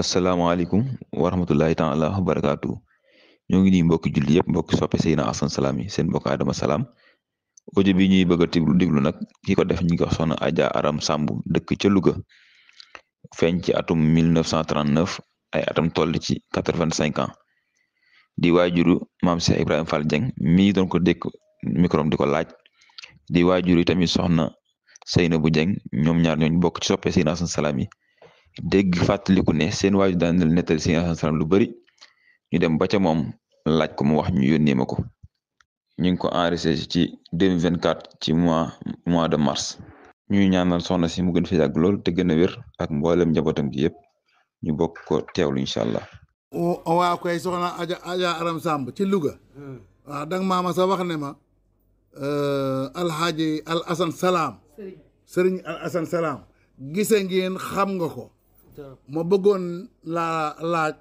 asalaamaaleykum wa rahmatulahi taala wa barakaatu ñoo ngi nii mbokki julli yëpp mbokki soppe Seydina Asan Salaam yi seen mbokk Adama Salaam audio bi ñuy bëgg a tiblu déglu nag ki ko def ñu ngi wax soxna Adja Aram Samb dëkk ca Louga feeñ ci atum 1939 ay atam toll ci 85 ans di waajuru maam Cheikh Ibrahima fal Dieng mi doon ko dékk micro di ko laaj di waajuru tamit soxna Seyna bu Dieng ñoom ñaar ñooñu bokk ci soppe Seydina Asan Salaam yi dégg fàttaliku ne seen waaju daan na nettali si sallallahu alayhi wasallam lu bari ñu dem ba ca moom laaj ko mu wax ñu yónnee ma ko ñu ngi ko enregistré ci quatre ci mois mois de mars ñuy ñaanal soxna si mu gën fi lool te gën a wér ak mboolem njabootam gi yëpp ñu bokk ko teewlu incha allah. waa koy soxna Adja Adja Aram Samb ci Louga. Hmm. waaw danga maama sa wax ma. alxaaji euh, al asan salaam. sëriñ al asan salaam. gise ngeen xam nga ko. ma bëggoon laa laaj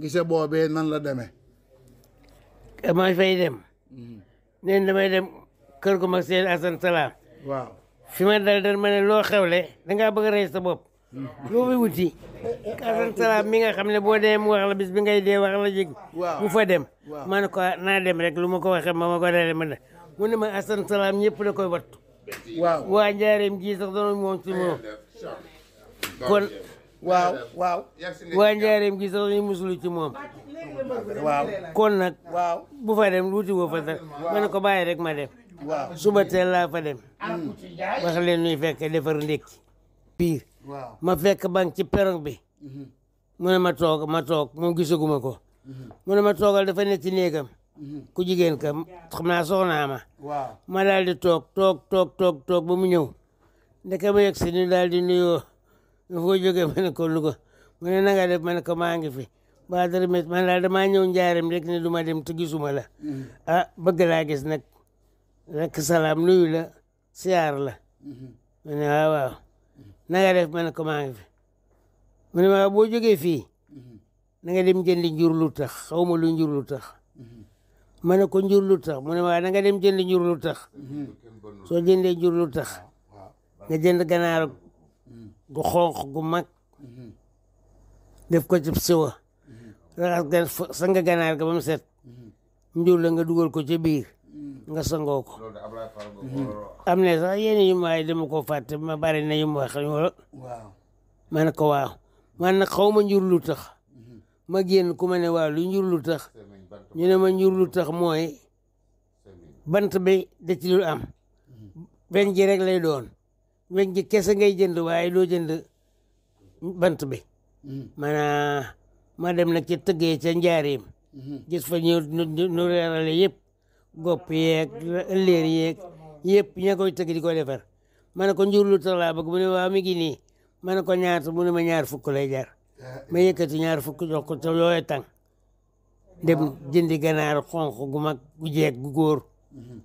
gise boobee nan la deme ma fay dem mhm. neen damay dem kër gu mag seen asan salaam fi ma dal dan ma ne loo xewle dangaa bëgg a sa bopp mhm. loo fi wuti asan salaam mi nga xam ne boo dee mu wax la bis bi ngay dee wax la jég bu fa dem ma ko naa dem rek lu ma ko waxee ma ma ko dalee ma asan salaam ñëpp da koy wattu waaw waa njaareem ji sax danoon moom si moom kon waaw waaw. waa njaareem gi sax ñu musulu ci moom. waaw kon nag. waaw bu fa dem wuti woo fa sax ma ne ko bàyyi rek ma dem. waaw suba teel laa fa dem. wax leen nuy fekk defar ndékki. piir ma fekk banque ci perron bi. Mhm. mu ne ma toog ma toog moom gisaguma ko. Mhm. mu ne ma toogal dafa ne ci néegam. Mhm. ku jigéen ka xam naa soxnaa ma. ma daal di toog toog toog toog toog ba mu ñëw. ndeke ba yegg si ñu di nuyoo. foo jógee ma ne ko Louga nanga def ma ne ko maa ngi fi ba dara met man daal damaa ñëw njaareem rek ne du ma dem te gisuma la mm-hmm. ah bëgg laa gis nag rek salaam nuyu la siyaar la mm-hmm. ma ne waaw nanga def ma ne ko maa ngi fi mu ne ma boo jógee fii mm-hmm. na nga dem jëndi njur lu tax xaw ma lu njur lu tax ma ne ko njur tax mu ne ma na nga dem jëndi njur lu tax soo jëndee njur lu tax nga jënd ganaar gu xonq gu mag def ko ci siwa ganaar ga ba mu set njur la nga dugal ko ci biir nga sangoo ko mhm. am ne sax yéen ma waaye dama ko fàtte ma bari na yu wax wala ma ko waaw man nag xaw ma njur lu tax mhm. ma génn ku ma ne waaw njur lu ñu ne ma njur lu tax mooy bant bi da am mhm. benn ji rek weñ gi kese ngay jënd waaye doo jënd bant bi mm-hmm. maanaa ma dem na ci tëggee ca njaareem mm-hmm. gis fa ñu nu yëpp gopp yeeg léer yeeg yëpp ña koy tëgg di ko defar ma ne ko njur lu tax laa bëgg mi ngi nii ma ne ko ñaata mu ma ñaar fukk lay jar ma yëkkati ñaar fukk jox ko te yooye tàng dem jëndi ganaar xonq gu mag gu jeeg gu góor mm-hmm.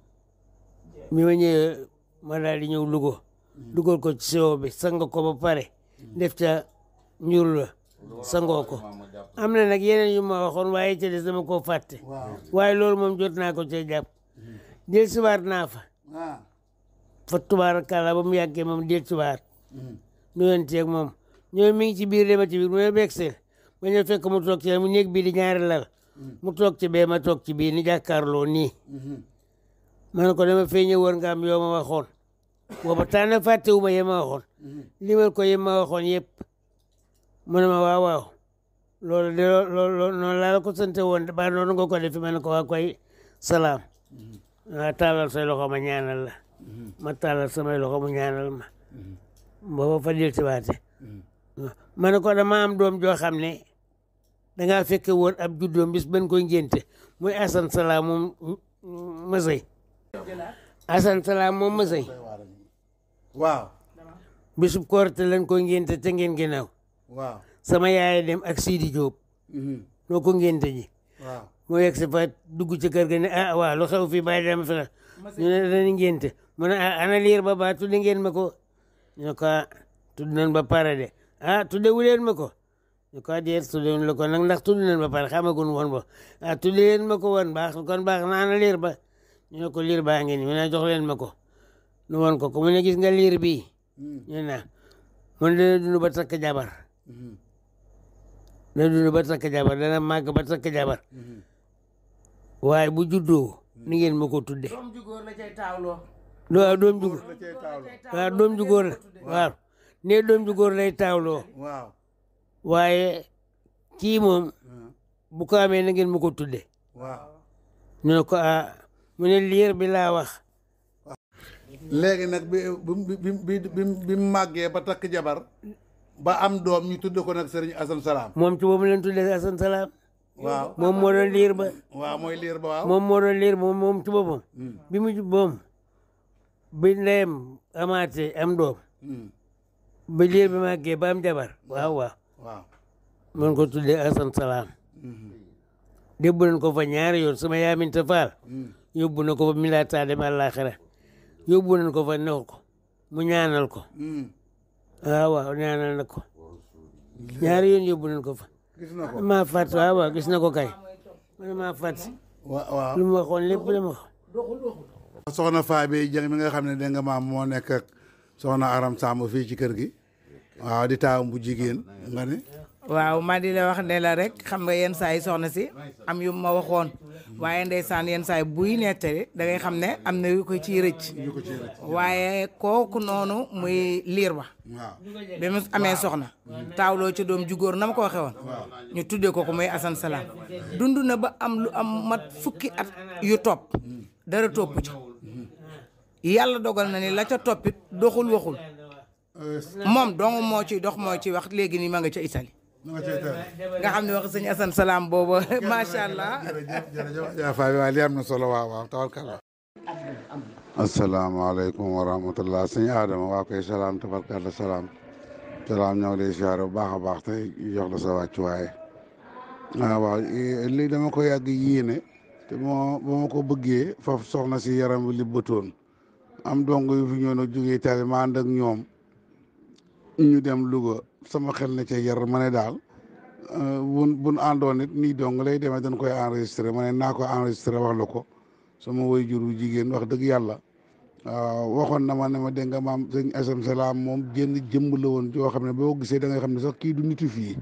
mi ma ñëwee ma daal di ñëw dugal ko ci sewo bi sanga ko ba pare def ca ñuul la sangoo ko am na nag yeneen yu ma waxoon waaye ca des dama koo fàtte waaye loolu moom jot naa ko cee jàpp hmm. del siwaat naa fa fa tubaarakàlla ba mu yàggee moom del siwaat nuwenteeg hmm. moom ñooy mi ngi ci biir dema ci biir mu begseel ma ñëw fekk mu toog mu néeg bii di ñaari lal hmm. mu toog ci ma toog ci bii ni jàkkaarloo nii ko dama fee ñëwoon nga am yoo ma waxoon booba taan nag fàttewu ma yema waxoon mm-hmm. limal ko yema waxoon yëpp mu ne ma waaw waaw loolu de loolu noonu laa la ko sante woon ba noonu nga ko def ma ne ko waa koy salaam waa mm-hmm. taalal say loxo ma ñaanal la mm-hmm. ma taalal samay loxo mu ñaanal ma booba fa dil tiwaate ma ne ko dama am doom joo xam ne dangaa fekke woon ab juddoom bis ben koy ngénte muy asan salaam moom mësëy asan salaam moom mësëy waaw bisub koorte lañ ko ngénte ta ngeen ginnaaw waaw sama yaay dem ak Sidi Diop mhm. noo ko ngénte ji waaw moo yegg si fa dugg ci kër ga ne ah waaw lu xew fii bàyyi dama fi la ñu ne dañu ngénte mu ne ah ana liir ba baa ngeen ma ko ñu ko ah, tudd ba pare de ah tudde wuleen ma ko ñu ko ah, la ko nag ndax tudd nañ ba pare xamagun woon ba ah a leen ma ko woon baax kon baax na ana liir ba ñu ne ko liir baa ngi nii mu jox leen ma ko nu woon ko ko mu ne gis nga liir bi ñu na mun dana dund ba takk jabar hmm. dana dund ba takk jabar dana màgg ba takk jabar hmm. waaye bu juddoo hmm. ni ngeen ma tudde doom ju góor la cay taawloo waaw doom ju góor góor lay taawloo waaye kii moom bu ko amee na ngeen ma ko tudde ñu ne ah, bi laa wax léegi nak bi bi bi bi bi bi màggee ba tak jabar ba am dom ñu tudd ko nak serigne Assane salam mom ci boobu len tuddee Assane salam waaw mom mo do lire ba. waaw moy lire ba waaw. mom mo do lire mom mom ci boppam. Hmm. bi mu bom bi am doom. Hmm. bi lire bi màggee ba am jabar waaw waaw. waaw mën ko tuddee Assane -hmm. déglu nañ ko fa ñaar yoon sama yamin tafal hmm. yóbbu ko fa yóbbu nañ ko fa new ko mu ñaanal ko waaw hmm. ah, waaw ñaanal ko ñaari yoon yóbbu ko maa fàtt waaw gis na ko kay man maa fàtt lu mu waxoon lépp la ma ko soxna Fabe Dieng mi nga xam ne dégg nga maam moo nekk ak soxna Aram Samb fii ci kër gi waaw di taawam bu jigéen nga ne waaw ma di la wax ne la rek xam nga yenn saay soxna si am yu ma waxoon waaye ndey saan yenn saay yi buy nettali da xam ne am na yu ko ciy rëcc waaye kooku noonu muy liir ba bi mu amee soxna taawloo ci doom ju góor na ma ko waxee woon ñu tuddee ko ko muy Asan Salaam dund na ba am lu am mat fukki at yu topp dara topp ci yàlla dogal na ni la ca toppit doxul waxul euh, moom dong moo ci dox moo ci wax léegi nii ma nga ca itali nga xam ne wax sëñ Assane Salam booba macha allah. jërëjëf jërëjëf waaw na solo waaw waaw tabarkalla. asalaamaaleykum wa rahmatullah sëñ Adama waa koy salaam tabarkalla salaam. salaam ñoo ngi lay siyaare bu baax a baax te jox la sa wàccuwaay. waaw ah, waaw lii dama ko yàgg yéene te moo ba ma ko bëggee foofu soxna si yaram bi li am dong yu fi ñëw nag jógee ma ànd ñoom. ñu dem Louga sama xel na cee yar ma ne daal bu euh, bu nu àndoon it nii dong lay demee dañ koy enregistré ma ne naa ko enregistré wax la ko sama woy juru jigéen wax dëgg yàlla euh, waxoon na ma ne ma dégg nga maam sëñ asam salaam moom génn jëmb la woon joo xam ne boo gisee da ngay xam ne sax kii du nitu fii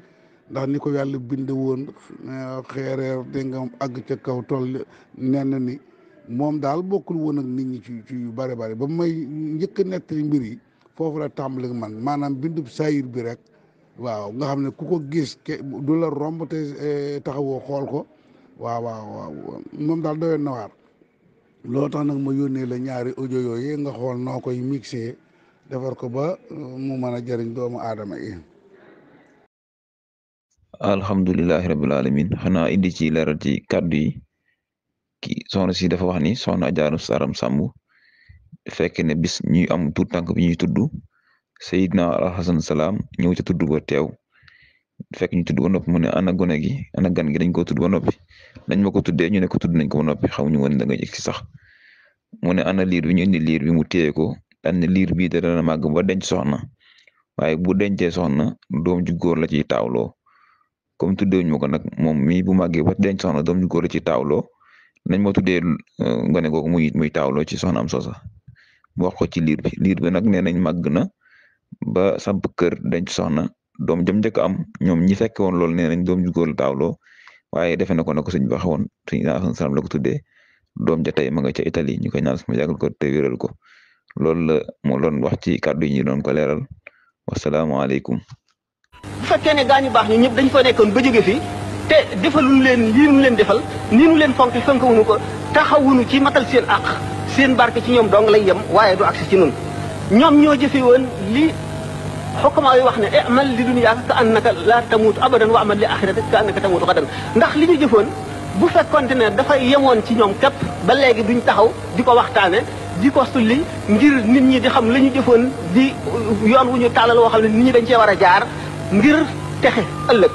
ndax ni ko yàlla bind woon euh, xeereer dégg nga àgg ca kaw tool nenn ni moom daal bokkul woon ak nit ñi ci yu bare bare ba may njëkk a nettali mbir yi foofu la tàmbali man maanaam bindub sayir bi rek waaw nga xam ne ku ko gis du la romb te eh, taxawoo xool ko waaw waaw daal doyoon na waar loo tax nag ma yónnee la ñaari audio yooyu nga xool noo koy mixé defar ko ba uh, mu mën a jëriñ doomu aadama yi alhamdulilahi rabil alamin xanaa indi ci leeral ci kàddu yi ki soxna si dafa wax ni soxna Ajaaru Saram Samb fekk ne bis ñuy am tuut tànk bi ñuy tudd Seydina Alxasan Salaam ñëw ca tudd ba teew fekk ñu tudd ba noppi mu ne ana gone gi ana gan gi dañ ko tudd ba noppi dañ ma ko tuddee ñu ne ko tudd nañ ko ba noppi xamuñu woon da nga egsi sax mu ana liir bi ñu indi liir bi mu téye ko daan ne liir bii da màgg ba denc soxna waaye bu dencee soxna doom ju góor la ciy taawloo comme tuddee ñu ko nag moom mii bu màggee ba denc soxna doom ju góor la ciy taawloo nañ ma tuddee euh, gone googu muy muy taawloo ci soxna am soosa wax ko ci liir bi liir bi nag nee nañ màgg na ba samp kër denc soxna doom jëm njëkk am ñoom ñi fekke woon lool nee nañ doom ju góor la taawloo waaye defe na ko na ko sëñ bi waxee woon sëñ Asan Salaam la ko tuddee doom ja tey ma nga ca Italie ñu koy ñaan sama yàggal ko te wéral ko loolu la moo doon wax ci kàddu yi ñu doon ko leeral wasalaamaaleykum. bu fekkee ne gaañu baax ñu ñëpp dañ ko nekkoon ba ci matal seen àq. seen barke ci ñoom dong lay yem waaye du agsi ci nun ñoom ñoo jëfe woon li xukkamaa yi wax ne amal li dunyaaka ka annaka la tamuutu abadan wa amal li axiratak ka annaka tamuutu xadan ndax li ñu jëfoon bu fekkonte ne dafay yemoon ci ñoom képp ba léegi duñu taxaw di ko waxtaane di ko sulli ngir nit ñi di xam la ñu jëfoon di yoon wu ñu tàllal woo xam ne nit ñi dañ cee war a jaar ngir texe ëllëg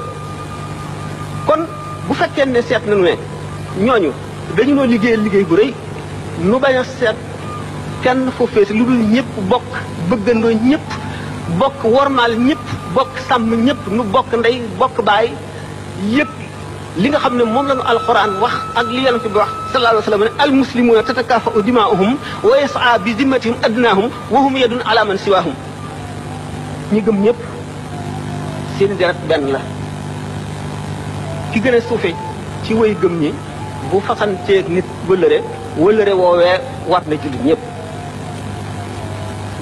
kon bu fekkee ne seet nañu ne ñooñu dañu noo liggéeyal liggéey bu rëy nu baña set kenn fu fess luddul ñëpp bok bëggando ñëpp bok wormal ñëpp bok sam ñëpp nu bok nday bok bay yëpp li nga xamne mom lañu alquran wax ak li yalla fi wax sallallahu alayhi wasallam al muslimuna tatakafa'u dima'uhum wa yas'a bi zimmatihim adnahum wa hum yadun ala man siwahum ñi gëm ñëpp seen jarat ben la ki gëna a suufe ci way gëm ñi bu ci nit bu leere wëllëre woowee war na jullit ñëpp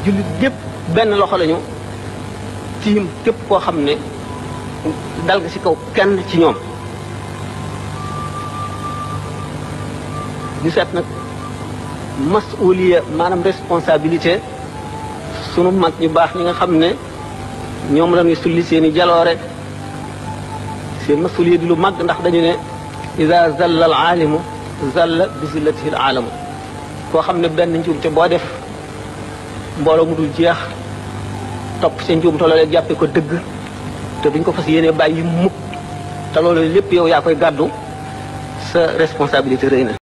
jullit ñëpp benn loxo lañu tiim képp koo xam ne dal nga ci kaw kenn ci ñoom di seet nag masuliya maanaam responsabilité sunu mag ñu baax ñi nga xam ne ñoom la ñuy sulli seen i jaloore seen masuliya di lu mag ndax dañu ne a zalla al aalimu zalla bizillatil aalamu koo xam ne benn njuumte boo def mbooloo mu dul jeex topp sa njuumte loolee jàppee ko dëgg te duñ ko fas yéene bàyyi mukk te loolu lépp yow yaa koy gàddu sa responsabilité rey na